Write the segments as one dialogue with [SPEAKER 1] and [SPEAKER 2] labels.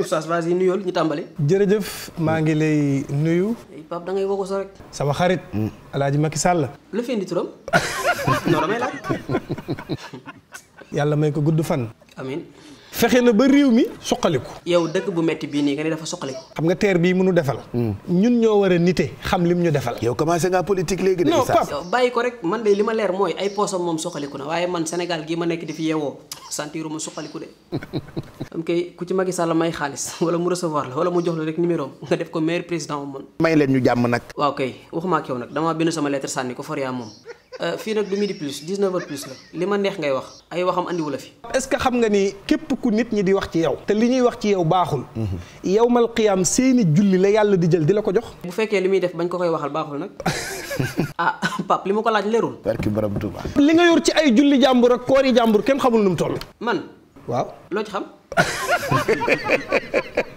[SPEAKER 1] oustaz vas yi nuyool ñu tàmbali
[SPEAKER 2] jërëjëf maa ngi lay nuyu.
[SPEAKER 1] Pape da ngay woo rek.
[SPEAKER 2] sama xarit. El hmm. Hadj Macky Sall.
[SPEAKER 1] lu fi indi turam. non damay laaj. yàlla
[SPEAKER 2] may ko gudd fan.
[SPEAKER 1] amiin. fexe na ba réew mi suqaliku. yow dëkk bu metti bi ni nga ni dafa suqaliku.
[SPEAKER 2] xam nga terre bi mënu defal. Hmm. ñun ño wara nité nite xam lim ñu defal. yow commencé nga politique légui non Pape
[SPEAKER 1] bàyyi ko rek man de lima ma leer mooy ay posom mom suqaliku na waye man Sénégal gi ma nekk di fi yeewoo santiruma suqaliku de. am kay ku ci magi Sall may xaliss wala mu recevoir la wala mu jox la rek numéro nga def ko maire président mom
[SPEAKER 2] may leen ñu jamm nak
[SPEAKER 1] waaw kay waxuma ak yow nak dama bindu sama lettre sanni ko Faria mom Euh, fii nag du midi plus 19 heures plus la li ma neex ngay wax ay waxam andiwu la fi.
[SPEAKER 2] est-ce que xam nga ni képp ku nit ñi di wax ci yaw te li ñuy wax ci yow baaxul. yawmal qiyaam seeni julli la yàlla di jël di la ko jox. bu
[SPEAKER 1] fekkee li muy def bañ ko koy waxal baaxul nag ah Pape li ma ko laaj leerul. barki borom Tuuba.
[SPEAKER 2] li nga yor ci ay julli jàmbur ak koori jàmbur kenn xamul nu mu toll.
[SPEAKER 1] man. waaw loo ci xam.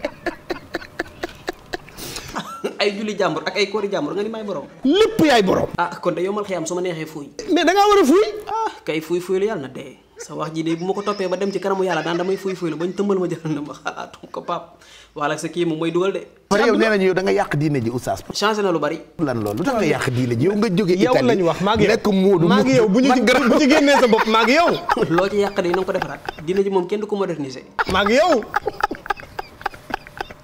[SPEAKER 1] ay julli jambour ak ay koori jambour nga ni may borom lepp yaay borom ah kon da yomal xiyam suma nexe fuy mais da nga wara fuy ah kay fuy fuy la yalla de sa wax ji de bu mako topé ba dem ci karamu yalla dan damay fuy fuy la bañ teumal ma jël na ma xalaatu ko pap wala sa ki moom mooy dugal de yow nenañ nañu yow da nga yak diiné ji oustaz changé na lu bari lan loolu lu nga yak diiné ji
[SPEAKER 2] yow nga joggé Italie yow lañ wax mag nek modou mag yow buñu ci gërëm ci génné sa bop mag yow
[SPEAKER 1] lo ci yak de na ko defaraat diiné ji mom kenn du ko moderniser mag yow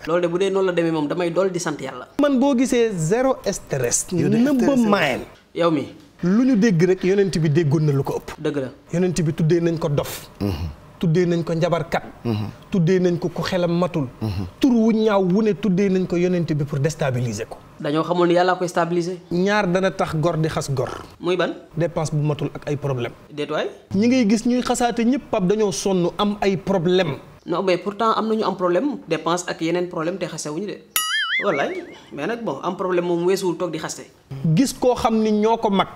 [SPEAKER 1] loolu de bu dee noonu la demee moom damay dool di sant yàlla.
[SPEAKER 2] man boo gisee zéro stress. nëbba mayel yow mi lu ñu dégg rek yonent bi déggoon na lu ko ëpp. dëgg la yonent bi tuddee nañ ko dof. Mhm. tuddee nañ ko njabarkat. Mhm. tuddee nañ ko ko xelam matul. Mhm. tur wu ñaaw wu ne tuddee nañ ko yonent bi pour déstabiliser ko. dañoo xamul ni yàllaa koy stabiliser. ñaar dana tax gor di xas gor. muy ban. dépense bu matul ak ay problème. déet waay ñi ngay gis ñuy xasaate ñëpp pap dañoo sonn am ay problème
[SPEAKER 1] non mais pourtant am na ñu am problème dépense ak yeneen problème te xase wuñu de wallaay mais nag bon am problème moom weesuwul toog di xaste gis
[SPEAKER 2] koo xam ni ñoo ko mag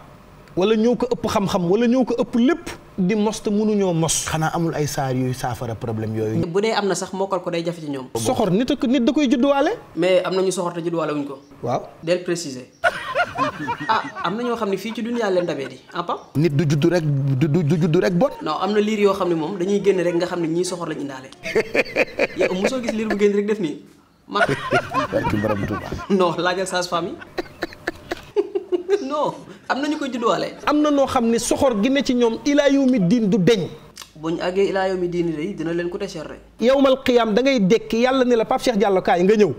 [SPEAKER 2] wala ñoo ko ëpp xam-xam wala ñoo ko ëpp lépp di mos te mënuñoo mos. xanaa amul ay saar yuy saafara problème yooyu.
[SPEAKER 1] bu dee am na sax mokkal ko day jafe ci ñoom. soxor nit ak nit da koy judduwaale. mais am na ñu soxor te judduwaale wuñ ko. waaw del préciser. ah am na ñoo xam ne fii ci dunya leen dabee di ah nit du juddu rek du du juddu rek bon. non am na liir yoo xam ne moom dañuy génne rek nga xam ne ñii soxor lañu indaale yow mosoo gis liir bu génn rek def nii ma. non laajal sage-femme
[SPEAKER 2] yi non am na ñu koy judduwaale. am na noo xam ne soxor gi ne ci ñoom ilaa yawmi diin du deñ.
[SPEAKER 1] bu ñu àggee ilaa yawmi diin dina leen ko te cher rek.
[SPEAKER 2] yawmal qiyaam da ngay dekk yàlla ne la Pape Cheikh Diallo kaay nga ñëw.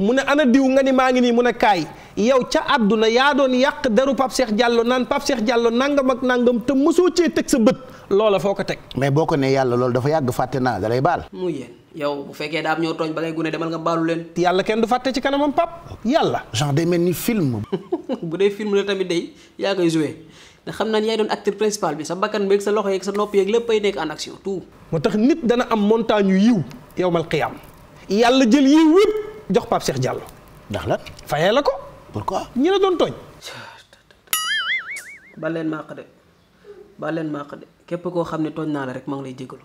[SPEAKER 2] mu ne ana diw nga ni maa ngi nii mu ne kaay yow ca àdduna ya don yàq deru pap Cheikh Diallo nan pap Cheikh Diallo nangam ak nangam te musu ci tek sa beut lola foko tek mais boko ne yalla yàlla dafa yag fatena naa da lay baal.
[SPEAKER 1] muy yow bu da am ñoo togn ba ngay gune demal nga len ti yalla ken du fatte ci kanamam pap
[SPEAKER 2] yalla genre day mel film.
[SPEAKER 1] bu dee film la tamit day ya ngay jouer da xamna ni yaay don acteur principal bi sa bakkan beeg sa loxo ak sa nopi ak leppay nek en action tout.
[SPEAKER 2] motax nit dana am montagne yu yiw yowmal qiyam yalla jël
[SPEAKER 1] yi yëpp jox pap Cheikh Diallo. ndax la fayé la ko. pourquoi ñi la doon togn baal leen maaq de baal leen maaq de képp koo xam la rek ma ngi lay jégalu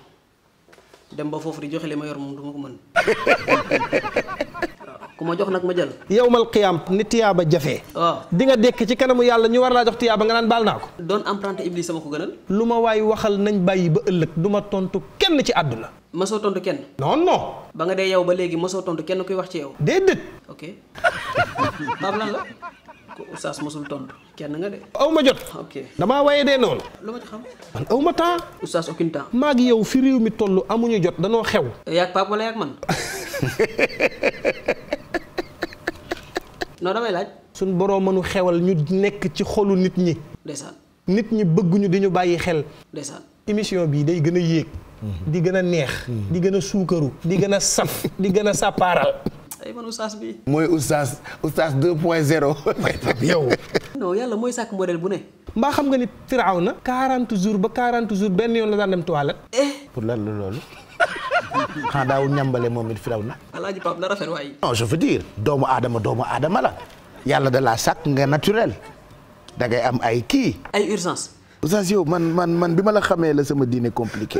[SPEAKER 1] dem ba fofu di joxe li ma yor moom du ko man kuma jox nak ma jël.
[SPEAKER 2] yowmal qiyam ni tiyaba jafé di nga dekk ci kanamu yalla ñu war la jox tiyaba nga nan bal nako
[SPEAKER 1] don doon iblis sama ko gënal.
[SPEAKER 2] luma way waxal nañ bayyi ba ëlëk duma tontu kenn ci aduna
[SPEAKER 1] mosoo tontu kenn.
[SPEAKER 2] non non.
[SPEAKER 1] ba nga dee yow ba léegi mosoo tontu kenn kuy wax ci yow. déedéet. ok Pape lan la. ko Oustaz mosul tontu kenn nga de. aw ma jot. ok damaa waye dee noonu. lu ma ci xam. man aw ma temps. Oustaz
[SPEAKER 2] maa ngi yow fi réew mi toll amuñu jot danoo xew.
[SPEAKER 1] yaag Pape wala yaag man.
[SPEAKER 2] non damay laaj. suñ borom mënu xewal ñu nekk ci xolu nit ñi. ndeysaan. nit ñi bëgguñu di ñu bàyyi xel. ndeysaan émission bii day gën a yéeg. Mm-hmm. di gën a neex. Mm-hmm. di gën a suukaru. di gën a saf di gën a sàppaaral.
[SPEAKER 1] ay man oustaz bi.
[SPEAKER 2] mooy oustaz oustaz 2.0. yow.
[SPEAKER 1] non yàlla mooy sàkk modèle bu ne.
[SPEAKER 2] mbaa xam nga ni firaaw na. 40 jours ba 40 jours benn yoon la daan dem toilette. Eh. pour lan la loolu. xanaa daawul ñàmbale moom it firaw na.
[SPEAKER 1] na rafet waay.
[SPEAKER 2] non je veux doomu aadama doomu aadama la yàlla da laa sàkk nga naturel da ngay am ay kii. ay urgence. oustaz yow man man man bi ma la xamee la sama diine compliqué.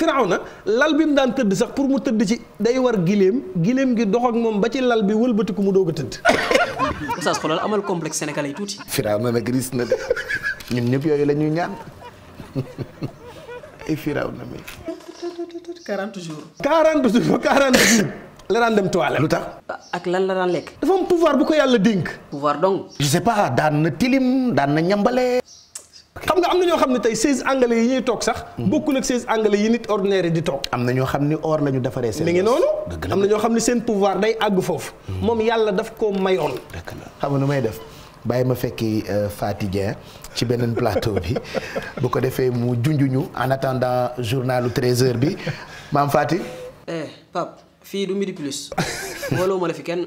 [SPEAKER 2] firaaw na lal bi mu daan tëdd sax pour mu tëdd ci day war gileem gileem gi dox ak moom ba ci lal bi
[SPEAKER 1] wëlbatiku mu doog a tëdd. amal complexe yi tuuti. firaaw na nag ris na de
[SPEAKER 2] ñun ñëpp yooyu la ñuy ñaan ay firaaw na mi. 40 la daan dem toilette lu tax.
[SPEAKER 1] ak lan la daan lekk.
[SPEAKER 2] dafa pouvoir bu ko yàlla dénk. pouvoir donc. je sais pas daan na tilim daan na ñambale. xam nga am na ñoo xam ne tey 16 anglais yi ñuy toog sax. Mm. bokkul ak 16 anglais yi nit ordinaire yi di toog. am na ñoo xam ni or la ñu defaree seen. mi ngi noonu am na ñoo xam ne seen pouvoir day àgg foofu. Mm. moom yàlla daf koo mayoon. xam nga nu may def bàyyi ma fekki euh, Faty Dieng ci beneen plateau bi bu ko defee mu junjuñu en attendant journalu 13h bi maam Faty.
[SPEAKER 1] eh fii du midi plus. wóoloo ma la fi kenn.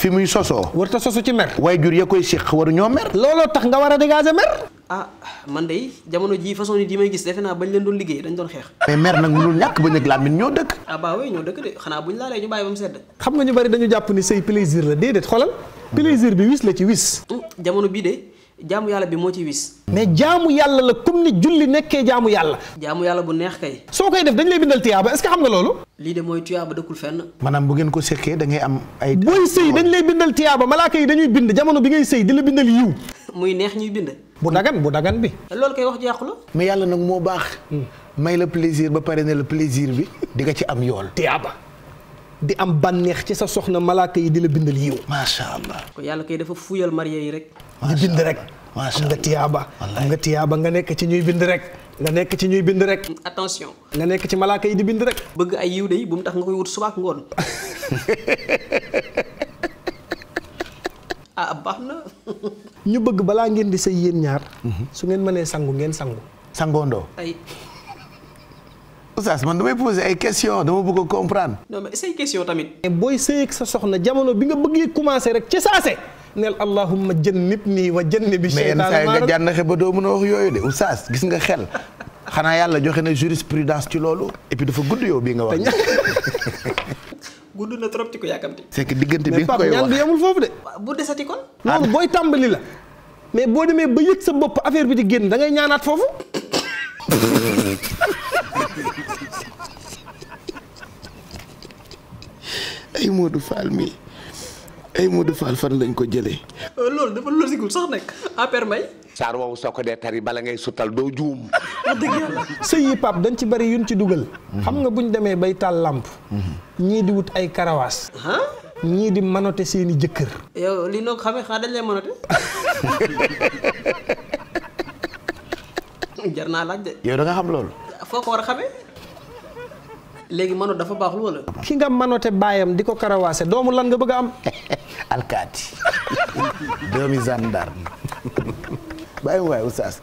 [SPEAKER 2] fi muy sosoo. war ta soso ci mer. waaye jur ya koy séq waru ñoo mer. looloo tax nga war a dégager mer.
[SPEAKER 1] ah man de jamono jii façon nit yi may gis defe naa bañ leen doon liggéey dañ doon xeex.
[SPEAKER 2] mais mer nag mënul ñàkk ba nag làmmiñ
[SPEAKER 1] ñoo dëkk. ah bah oui ñoo dëkk de xanaa buñ laalee ñu bàyyi ba mu sedd. xam nga ñu bari dañu jàpp ni say plaisir la déedéet xoolal plaisir bi wis la ci wis. Hmm, jamono bii de. jaamu yàlla bi moo ci wis. mais jaamu
[SPEAKER 2] yàlla la comme ni julli nekkee jaamu yàlla. jaamu yàlla bu neex kay. soo koy def dañ lay bindal tuyaaba est-ce que xam
[SPEAKER 1] nga loolu. lii de mooy tuyaaba dëkkul fenn.
[SPEAKER 2] maanaam bu ngeen ko sekkee da ngay am ay. booy sëy dañ lay bindal tuyaaba malaaka yi dañuy bind jamono bi ngay sëy di la bindal yiw.
[SPEAKER 1] muy neex ñuy bind.
[SPEAKER 2] bu dagan bu dagan bi.
[SPEAKER 1] loolu kay wax jaaxu la.
[SPEAKER 2] mais yàlla nag moo baax. Hmm. may la plaisir ba pare ne la plaisir bi di nga ci am yool. tuyaaba. di am bànneex ci sa soxna malaaka yi di la bindal yiw. macha
[SPEAKER 1] allah. ko yàlla kay dafa fuyal marié yi rek.
[SPEAKER 2] di rek. am nga tiyaaba am nga tiyaaba nga nekk ci ñuy bind rek. nga nekk ci ñuy bind rek. attention. nga nekk ci malaaka yi di bind rek.
[SPEAKER 1] bëgg ay yiw de bu mu tax nga koy wut suba ak ngoon. ah baax na.
[SPEAKER 2] ñu bëgg balaa ngeen di sëy yéen ñaar. Mhm. su ngeen mënee sangu ngeen sangu. sangoondoo oustaz man damay poser ay question dama bëgg a comprendre. booy sëyeeg sa soxna jamono bi nga bëggee commencé rek ci saase. neel allahumma jannibnii wa jannibi shaytaan mais yenn saa nga jànnaxe ba doo mën a wax yooyu de oustaz gis nga xel. xanaa yàlla joxe na jurisprudence ci loolu. et puis dafa gudd yow bii nga wax.
[SPEAKER 1] gudd na trop ci ko yàkkamti.
[SPEAKER 2] c'est diggante bi nga koy wax mais Pape ñaan bi yemul
[SPEAKER 1] ah, bu desati kon.
[SPEAKER 2] loolu ah. booy tàmbali la. mais boo demee ba yëg sa bopp affaire bi di génn da ngay ñaanaat foofu. ay Modou Fall mi ay Modou Fall fan lañ ko jëlé euh, lool dafa logique sax nek a may. sar woowu soko ko tari bala ngay sutal do joom dëgg yàlla sëy yi pap dañ ci bari yuñ ci duggal xam nga buñ démé bay tal lampe ñi di wut ay karawas. ñi di manoté seeni jëkkër.
[SPEAKER 1] yow li nok xamé xaa dañ lay manoté jarna naa laaj de.
[SPEAKER 2] yow da nga xam lool
[SPEAKER 1] foko wara xamé dafa
[SPEAKER 2] ki nga manote bayam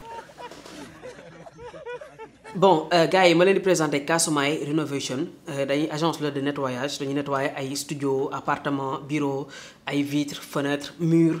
[SPEAKER 1] bon euh, gars je vais vous présenter Kasumay Renovation une euh, agence de nettoyage nettoyer studio appartement bureau ay vitres fenêtres murs.